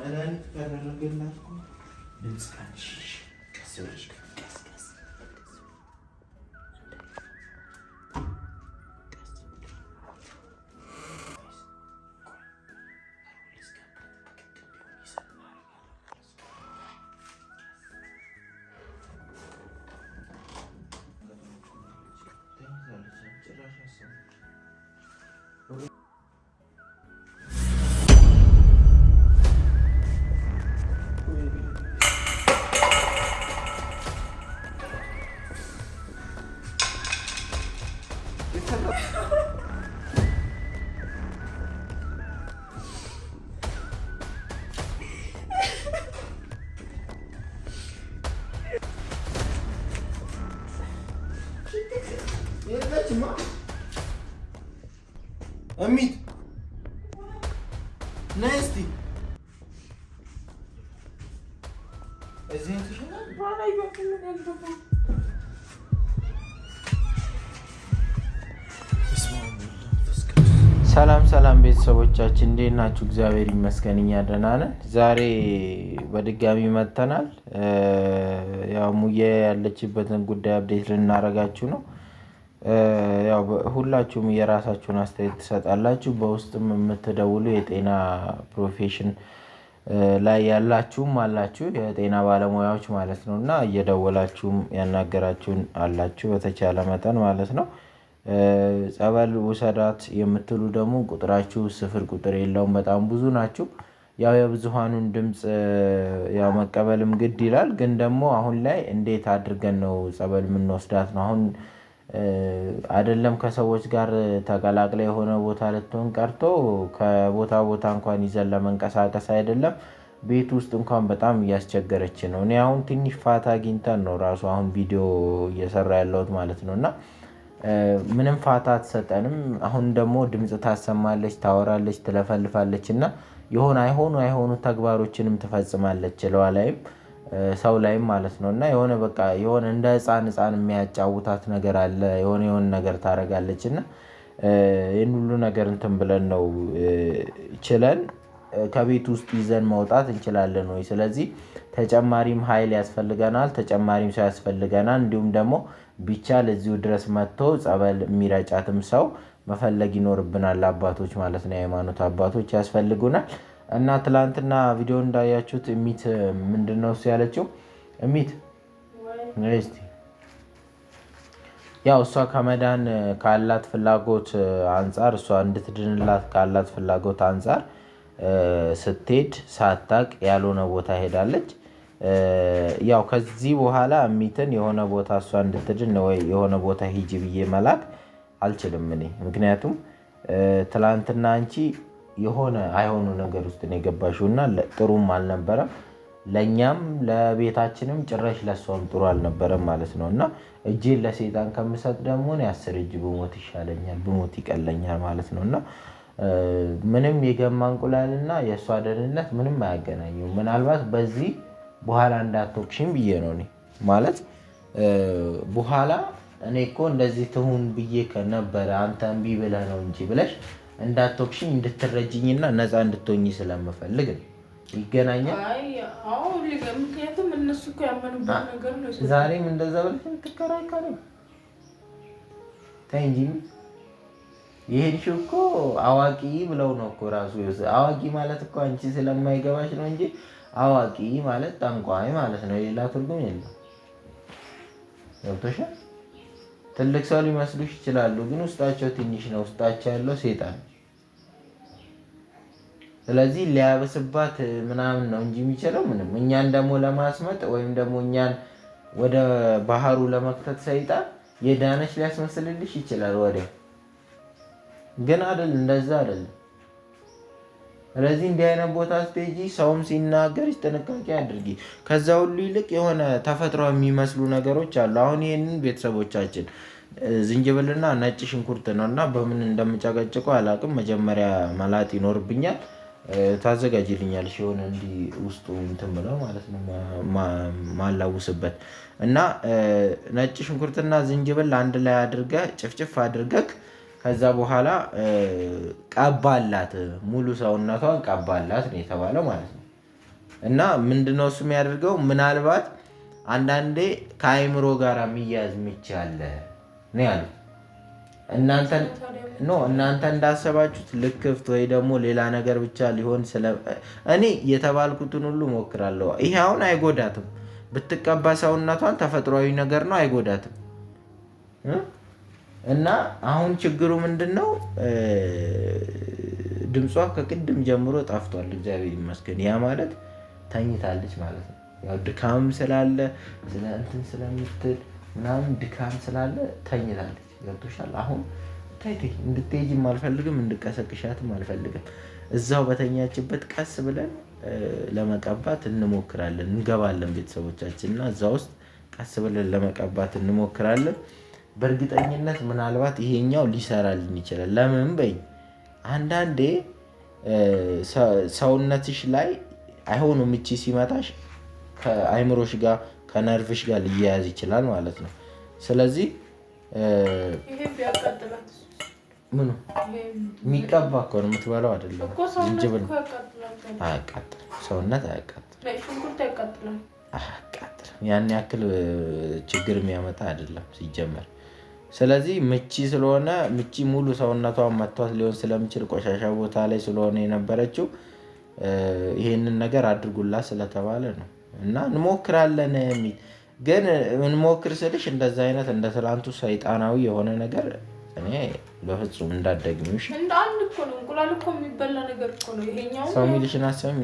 መድኃኒት ካደረገላችሁ ድምፅ ቀን ቀስ ቤተሰቦቻችን እንዴት ናችሁ? እግዚአብሔር ይመስገን እኛ ደህና ነን። ዛሬ በድጋሚ መጥተናል። ያው ሙዬ ያለችበትን ጉዳይ አብዴት ልናረጋችሁ ነው። ያው ሁላችሁም የራሳችሁን አስተያየት ትሰጣላችሁ። በውስጥም የምትደውሉ የጤና ፕሮፌሽን ላይ ያላችሁም አላችሁ፣ የጤና ባለሙያዎች ማለት ነው እና እየደወላችሁም ያናገራችሁን አላችሁ፣ በተቻለ መጠን ማለት ነው ጸበል ውሰዳት የምትሉ ደግሞ ቁጥራችሁ ስፍር ቁጥር የለውም። በጣም ብዙ ናችሁ። ያው የብዙሃኑን ድምፅ ያው መቀበልም ግድ ይላል። ግን ደግሞ አሁን ላይ እንዴት አድርገን ነው ጸበል የምንወስዳት ነው? አሁን አይደለም ከሰዎች ጋር ተቀላቅለ የሆነ ቦታ ልትሆን ቀርቶ ከቦታ ቦታ እንኳን ይዘን ለመንቀሳቀስ አይደለም ቤት ውስጥ እንኳን በጣም እያስቸገረች ነው። እኔ አሁን ትንሽ ፋታ አግኝተን ነው ራሱ አሁን ቪዲዮ እየሰራ ያለሁት ማለት ነው እና ምንም ፋታ አትሰጠንም። አሁን ደግሞ ድምጽ ታሰማለች፣ ታወራለች፣ ትለፈልፋለች እና የሆነ አይሆኑ አይሆኑ ተግባሮችንም ትፈጽማለች ለዋ ላይ ሰው ላይም ማለት ነው እና የሆነ በቃ የሆነ እንደ ህፃን ህፃን የሚያጫውታት ነገር አለ። የሆነ የሆነ ነገር ታደርጋለች እና ይህን ሁሉ ነገር እንትን ብለን ነው ችለን ከቤት ውስጥ ይዘን መውጣት እንችላለን ወይ? ስለዚህ ተጨማሪም ሀይል ያስፈልገናል፣ ተጨማሪም ሰው ያስፈልገናል። እንዲሁም ደግሞ ቢቻል እዚሁ ድረስ መጥቶ ጸበል የሚረጫትም ሰው መፈለግ ይኖርብናል። አባቶች ማለት ነው፣ የሃይማኖት አባቶች ያስፈልጉናል። እና ትላንትና ቪዲዮ እንዳያችሁት እሚት ምንድን ነው እሱ ያለችው እሚት ያው እሷ ከመዳን ካላት ፍላጎት አንጻር እሷ እንድትድንላት ካላት ፍላጎት አንጻር ስትሄድ ሳታቅ ያልሆነ ቦታ ሄዳለች። ያው ከዚህ በኋላ እሚትን የሆነ ቦታ እሷ እንድትድን ወይ የሆነ ቦታ ሂጂ ብዬ መላክ አልችልም እኔ። ምክንያቱም ትላንትና አንቺ የሆነ አይሆኑ ነገር ውስጥ ነው የገባሽው እና ጥሩም አልነበረም ለእኛም ለቤታችንም ጭራሽ ለእሷም ጥሩ አልነበረም ማለት ነው። እና እጄን ለሴጣን ከምሰጥ ደግሞ አስር እጅ ብሞት ይሻለኛል፣ ብሞት ይቀለኛል ማለት ነው። እና ምንም የገማ እንቁላልና የእሷ ደህንነት ምንም አያገናኘው። ምናልባት በዚህ በኋላ እንዳትወቅሽኝ ብዬ ነው። እኔ ማለት በኋላ እኔ እኮ እንደዚህ ትሁን ብዬ ከነበረ አንተ እምቢ ብለህ ነው እንጂ ብለሽ እንዳትወቅሽኝ እንድትረጅኝና ነፃ እንድትሆኝ ስለምፈልግ ነው። ይገናኛል። ምክንያቱም እነሱ እኮ ያመኑበት ነገር ነው። ዛሬም እንደዛ ብለሽ የምትከራከሪው ተይ እንጂ የሄድሽው እኮ አዋቂ ብለው ነው እኮ ራሱ አዋቂ ማለት እኮ አንቺ ስለማይገባሽ ነው እንጂ አዋቂ ማለት ጠንቋይ ማለት ነው። ሌላ ትርጉም የለም። ገብቶሻል? ትልቅ ሰው ሊመስሉሽ ይችላሉ፣ ግን ውስጣቸው ትንሽ ነው። ውስጣቸው ያለው ሴጣን። ስለዚህ ሊያበስባት ምናምን ነው እንጂ የሚችለው ምንም። እኛን ደግሞ ለማስመጥ ወይም ደግሞ እኛን ወደ ባህሩ ለመክተት ሰይጣን የዳነች ሊያስመስልልሽ ይችላል ወዲያው ግን አይደል እንደዛ አይደል። ስለዚህ እንዲህ አይነት ቦታ ስትሄጂ ሰውም ሲናገር ጥንቃቄ አድርጊ። ከዛ ሁሉ ይልቅ የሆነ ተፈጥሮ የሚመስሉ ነገሮች አሉ። አሁን ይህንን ቤተሰቦቻችን ዝንጅብልና ነጭ ሽንኩርት ነው እና በምን እንደምጨቀጭቀው አላውቅም። መጀመሪያ መላጥ ይኖርብኛል። ታዘጋጅልኛል የሆነ እንዲህ ውስጡ እንትን ብለው ማለት ነው ማላውስበት እና ነጭ ሽንኩርትና ዝንጅብል አንድ ላይ አድርገህ ጭፍጭፍ አድርገህ ከዛ በኋላ ቀባላት፣ ሙሉ ሰውነቷን ቀባላት ነው የተባለው ማለት ነው። እና ምንድነው እሱ የሚያደርገው ምናልባት አንዳንዴ ከአይምሮ ጋር የሚያዝ ሚቻለ ነው ያሉ እናንተ እንዳሰባችሁት ልክፍት ወይ ደግሞ ሌላ ነገር ብቻ ሊሆን ስለ እኔ የተባልኩትን ሁሉ ሞክራለሁ። ይሄ አሁን አይጎዳትም፣ ብትቀባ ሰውነቷን ተፈጥሯዊ ነገር ነው፣ አይጎዳትም። እና አሁን ችግሩ ምንድን ነው? ድምጿ ከቅድም ጀምሮ ጠፍቷል። እግዚአብሔር ይመስገን። ያ ማለት ተኝታለች ማለት ነው። ያው ድካም ስላለ ስለ እንትን ስለምትል ምናምን ድካም ስላለ ተኝታለች። ገብቶሻል። አሁን ታይቴ እንድትሄጂም አልፈልግም፣ እንድቀሰቅሻትም አልፈልግም። እዛው በተኛችበት ቀስ ብለን ለመቀባት እንሞክራለን። እንገባለን ቤተሰቦቻችን እና እዛ ውስጥ ቀስ ብለን ለመቀባት እንሞክራለን። በእርግጠኝነት ምናልባት ይሄኛው ሊሰራልን ይችላል። ለምን በይ አንዳንዴ ሰውነትሽ ላይ አይሆኑ እቺ ሲመታሽ ከአይምሮሽ ጋር ከነርቭሽ ጋር ሊያያዝ ይችላል ማለት ነው። ስለዚህ ምኑ የሚቀባ እኮ ነው የምትበላው አይደለም። ዝንጅብል አያቃጥልም፣ ሰውነት አያቃጥልም፣ ያን ያክል ችግር የሚያመጣ አይደለም ሲጀመር ስለዚህ ምቺ ስለሆነ ምቺ ሙሉ ሰውነቷን መቷት ሊሆን ስለምችል ቆሻሻ ቦታ ላይ ስለሆነ የነበረችው ይሄንን ነገር አድርጉላ ስለተባለ ነው። እና እንሞክራለን የሚል ግን እንሞክር ስልሽ እንደዛ አይነት እንደ ትላንቱ ሰይጣናዊ የሆነ ነገር እኔ በፍጹም እንዳደግሚ ሰው ሚልሽን አሰሚ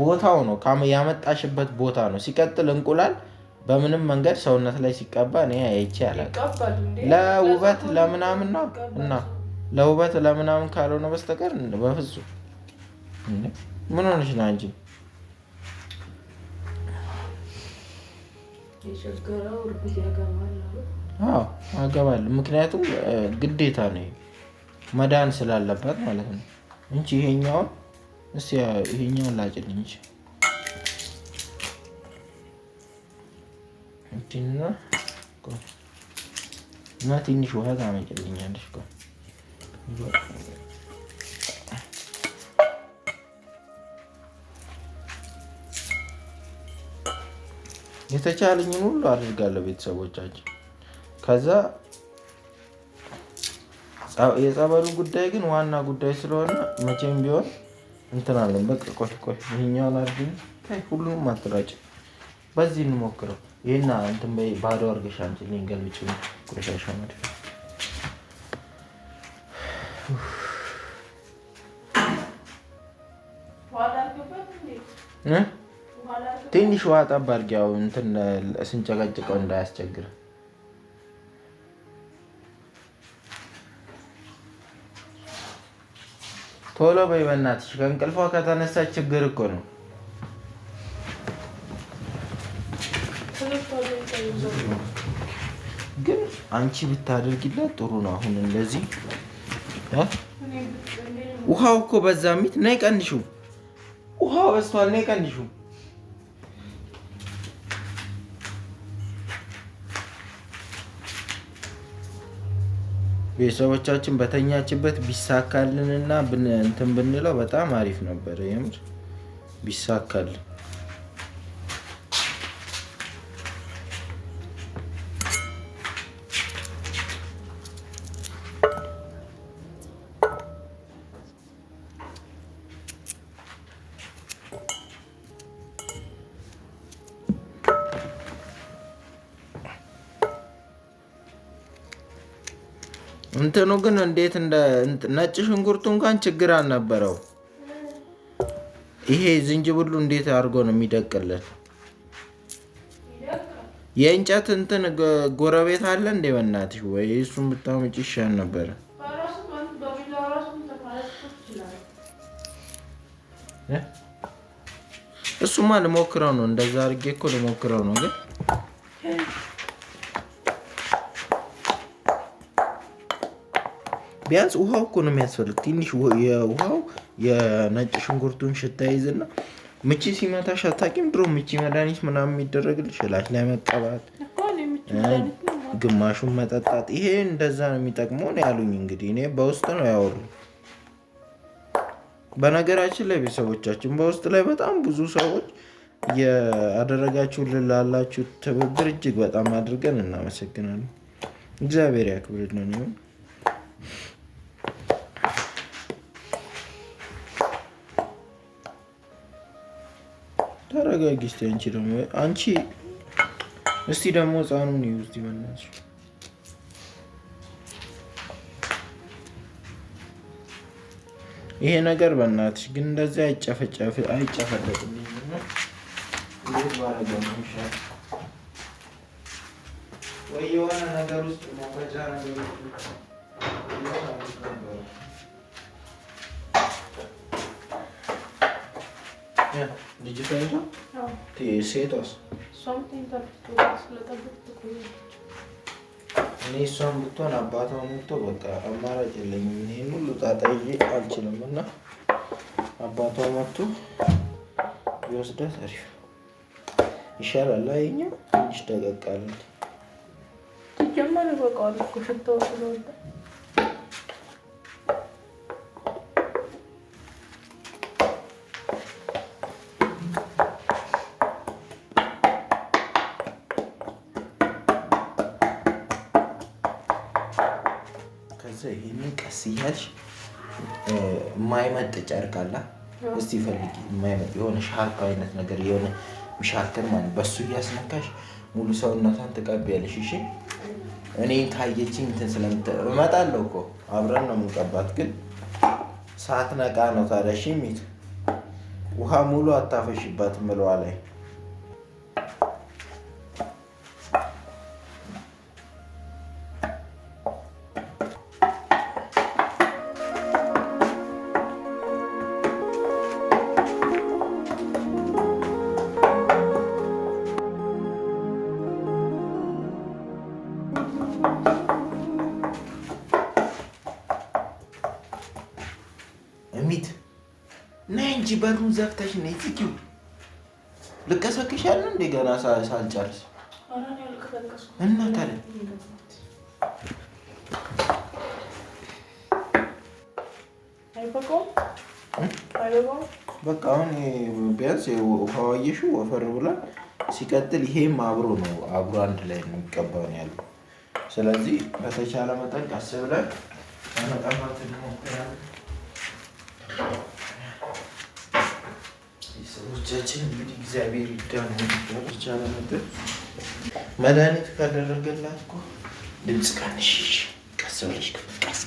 ቦታው ነው ያመጣሽበት ቦታ ነው። ሲቀጥል እንቁላል በምንም መንገድ ሰውነት ላይ ሲቀባ እኔ አይቼ አላውቅም። ለውበት ለምናምን ነው እና ለውበት ለምናምን ካልሆነ በስተቀር በፍጹም። ምን ሆነሽ ነው አንቺ? አዎ አገባለሁ። ምክንያቱም ግዴታ ነው መዳን ስላለባት ማለት ነው እንጂ ይሄኛውን እስኪ ይሄኛውን ላጭልኝ እንትና እና ትንሽ ውሃ ታመጭልኛለሽ። የተቻለኝን ሁሉ አድርጋለሁ ቤተሰቦቻችን። ከዛ የጸበሉ ጉዳይ ግን ዋና ጉዳይ ስለሆነ መቼም ቢሆን እንትናለን። በቃ ቆይ ቆይ ይሄኛውን አድርጊ። ሁሉንም አትራጭ። በዚህ እንሞክረው። ይህና እንትን በይ ባዶ አድርገሽ አምጪልኝ ገልብጪ ቆሻሻ መድፍ ትንሽ ውሃ ጠብ አድርጊ። ያው እንትን ስንጨቀጭቀው እንዳያስቸግር ቶሎ በይ በእናትሽ። ከእንቅልፏ ከተነሳች ችግር እኮ ነው። አንቺ ብታደርጊላት ጥሩ ነው። አሁን እንደዚህ ውሃው እኮ በዛ ሚት ነይ ቀንሹ። ውሃ በዝቷል። ነይ ቀንሹ። ቤተሰቦቻችን በተኛችበት ቢሳካልንና እንትን ብንለው በጣም አሪፍ ነበር። የምር ቢሳካልን እንትኑ ግን እንዴት እንደ ነጭ ሽንኩርቱ እንኳን ችግር አልነበረው። ይሄ ዝንጅብሉ እንዴት አድርጎ ነው የሚደቅልን? የእንጨት እንትን ጎረቤት አለ እንዴ? በእናትሽ ወይ እሱ ብታመጪ ይሻል ነበረ። እሱማ ልሞክረው ነው፣ እንደዛ አድርጌ እኮ ልሞክረው ነው ግን ቢያንስ ውሃው እኮ ነው የሚያስፈልግ። ትንሽ የውሃው የነጭ ሽንኩርቱን ሽታ ይዝና ምቺ ሲመታሽ አታውቂም? ድሮ ምቺ መድኃኒት ምናምን የሚደረግልሽ ላሽ ላይ መቀባት፣ ግማሹን መጠጣት፣ ይሄ እንደዛ ነው የሚጠቅመው ነው ያሉኝ። እንግዲህ እኔ በውስጥ ነው ያወሩ። በነገራችን ላይ ቤተሰቦቻችን በውስጥ ላይ በጣም ብዙ ሰዎች ያደረጋችሁልን ላላችሁ ትብብር እጅግ በጣም አድርገን እናመሰግናለን። እግዚአብሔር ያክብርልን። ተረጋጊ እስኪ። አንቺ ደግሞ አንቺ እስቲ ደግሞ ህፃኑን ይኸው እስኪ ይሄ ነገር በእናትሽ ግን እንደዚህ አይጨፈጨፍ አይጨፈለቅም። ወይ የሆነ ነገር ውስጥ መፈጫ ነገር ልጅ ተኝታ ሴቷስ? እኔ እሷን ብትሆን አባቷ ሞቶ በቃ አማራጭ የለኝም። ይህን ሁሉ ጣጣ ይዤ አልችልም እና አባቷ መቶ ይወስዳት አሪፍ ይሻላል። ላይኛ ትንሽ ደቀቃለች። ትጀመር በቃ ሽታው ስለወጣ ሲሄድ የማይመጥ ጨርቅ አለ። እስቲ ፈልጊ፣ የማይመጥ የሆነ ሻርፕ አይነት ነገር የሆነ ሻርክን ማለት በሱ እያስነካሽ ሙሉ ሰውነቷን ትቀቢያለሽ። እሺ እኔ ካየችኝ እንትን ስለምት እመጣለሁ እኮ አብረን ነው የምንቀባት። ግን ሳትነቃ ነው ታዲያ ሽሚት ውሃ ሙሉ አታፈሽባት ምለዋ ላይ ልቀሰቅሻለሁ እንዴ? ገና ሳልጨርስ እና ታዲያ በቃ አሁን ቢያንስ ውሃዋየሹ ወፈር ብላ ሲቀጥል፣ ይሄም አብሮ ነው አብሮ አንድ ላይ ነው የሚቀባው ያለው። ስለዚህ በተቻለ መጠን ቀስ ብለን ለመቀባት እንሞክራለን። እጆቻችን እንግዲህ እግዚአብሔር ይዳኑ ይቻለ መድር መድኃኒት ካደረገላት እኮ ድምፅ ቀንሽሽ፣ ቀስ ብለሽ ቀስ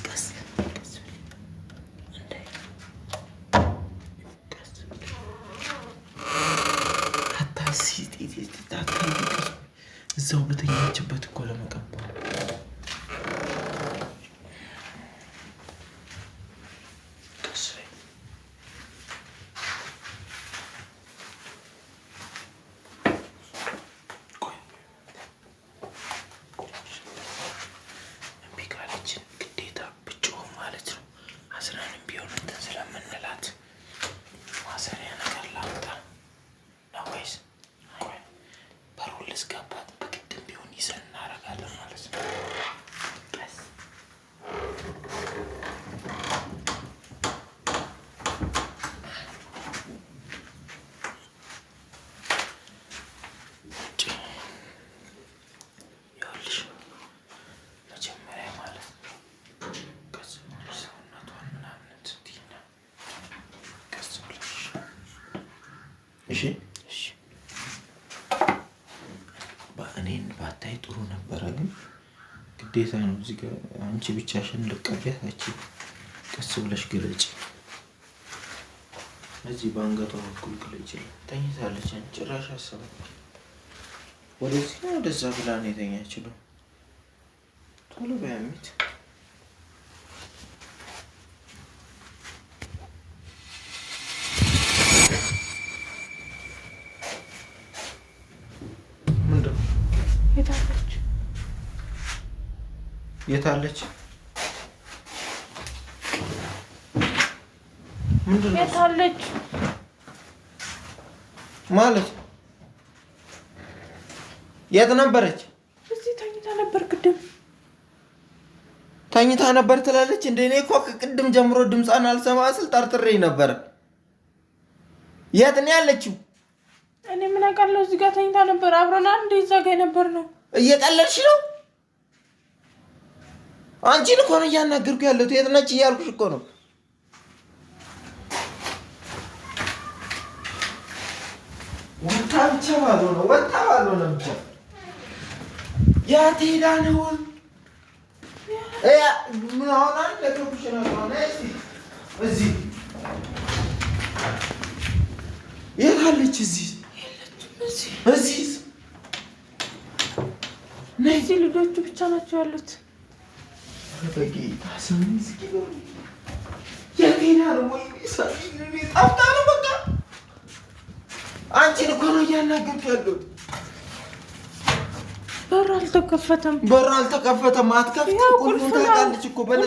እዛው በተኛችበት እኮ ለመቀባት ግዴታ ነው። እዚህ ጋር አንቺ ብቻሽን ልቀቢያት አቺ ቀስ ብለሽ ግለጭ። እዚህ በአንገቷ በኩል ግለጪ። ተኝታለች። ጭራሽ አሰበች። ወደዚህ ወደዛ ብላ ነው የተኛችለው። ቶሎ በያሚት የታለች? ምንድን የታለች ማለት? የት ነበረች? እዚህ ተኝታ ነበር። ቅድም ተኝታ ነበር ትላለች። እንደ እኔ እኮ ከቅድም ጀምሮ ድምፃን አልሰማ ስል ጠርጥሬ ነበር። የት ነው ያለችው? እኔ ምን አውቃለሁ። እዚህ ጋር ተኝታ ነበር። አብረናል። እንደ ይዛጋ ጋ ነበር ነው። እየቀለድሽ ነው አንቺን እኮ ነው እያናገርኩ ያለሁት። የት ነች እያልኩሽ እኮ ነው። ወጣ ብቻ ባልሆነ ወጣ ባልሆነ ብቻ ያት ሄዳ ነው ምን አሁን አንድ ለኮሽና ሆነ እዚህ የት አለች? እዚህ እዚህ እነዚህ ልጆቹ ብቻ ናቸው ያሉት። በጌታ ስም ምስኪኑ የቴና ነው ወይ ጣፍታ ነው። በቃ አንቺን እኮ ነው እያናገርኩ ያለሁት። በሩ አልተከፈተም፣ በሩ አልተከፈተም። አትከፍት። ሁሉም ታውቃለች እኮ በነ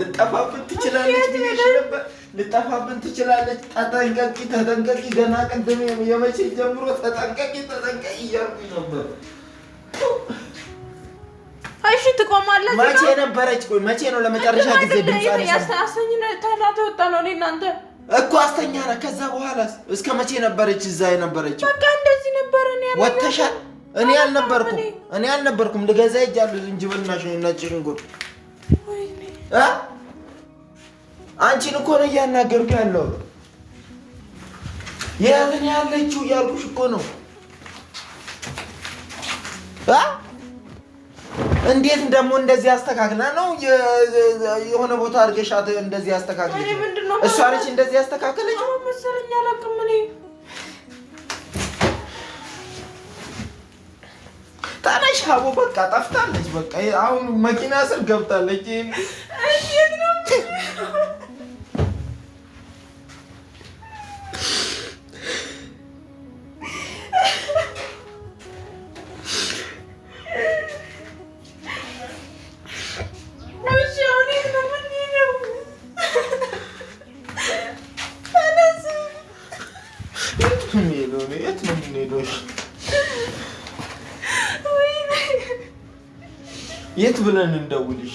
ልጠፋብን ትችላለች ነበር። ልጠፋብን ትችላለች። ተጠንቀቂ፣ ተጠንቀቂ። ገና ቅድም የመቼ ጀምሮ ተጠንቀቂ፣ ተጠንቀቂ እያልኩኝ ነበር። እሺ ትቆማለች። መቼ ነበረች? ቆይ መቼ ነው ለመጨረሻ ጊዜ እኮ አስተኛ ነ ከዛ በኋላ እስከ መቼ ነበረች እዛ የነበረች? በቃ እንደዚህ ነበረ። ወተሻል። እኔ አልነበርኩም፣ እኔ አልነበርኩም። ልገዛ ሄጃለሁ ዝንጅብልና ነጭ ሽንኩርት አንቺን እኮ ነው እያናገርኩ ያለው። የትን ያለችው እያልኩሽ እኮ ነው። እንዴት ደግሞ እንደዚህ አስተካክላ ነው የሆነ ቦታ አድርገሻት እንደዚህ አስተካክል። እሷ አለች እንደዚህ ያስተካከለች መሰለኝ። አላውቅም እኔ ታናሽ ሀቦ በቃ ጠፍታለች። በቃ አሁን መኪና ስር ገብታለች። ነን እንደውልሽ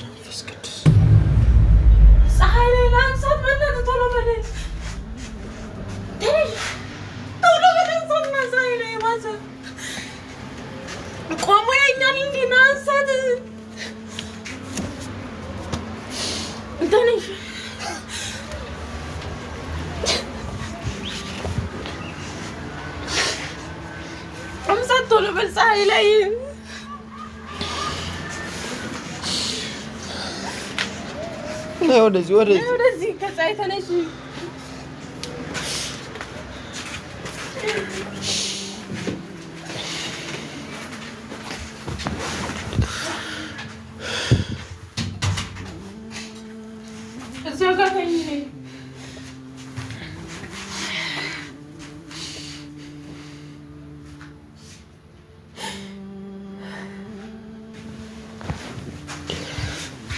Tulungan Dahil, tulungan ang saan na sa inaiwasan. Nakuha mo yan yan, hindi nasa. Dahil, Ang saan tulungan sa inaiwasan. ወደዚህ ወደዚህ 在那析。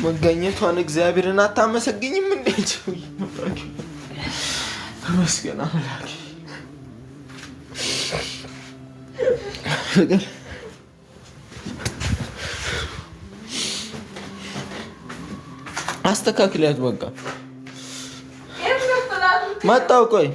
መገኘቷን እግዚአብሔርን አታመሰግኝም? እንዴት ተመስገን አምላክ ፍቅር አስተካክልያት። በቃ መጣሁ። ቆይ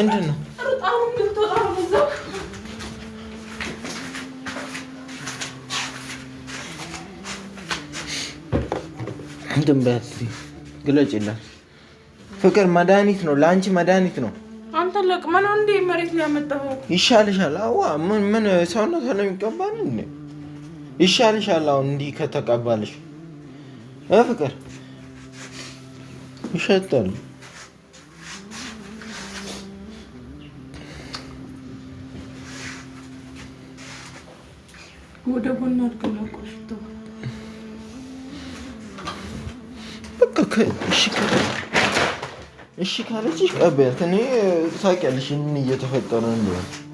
ምንድን ነው? ድንበት ግለጭላት። ፍቅር መድኃኒት ነው፣ ለአንቺ መድኃኒት ነው። አንተ ለቅመ ነው እንዴ መሬት ላይ ያመጣኸው? ይሻልሻል። አዋ ምን ምን ሰውነት ነው የሚቀባል? ይሻልሻል። አሁን እንዲህ ከተቀባልሽ ፍቅር ይሸጣል። ወደ ጎን አድርገን አቆሽቶ በቃ እሺ ካለችሽ ቀበያት። እኔ ሳቅ ያለሽ እየተፈጠረ እንደሆነ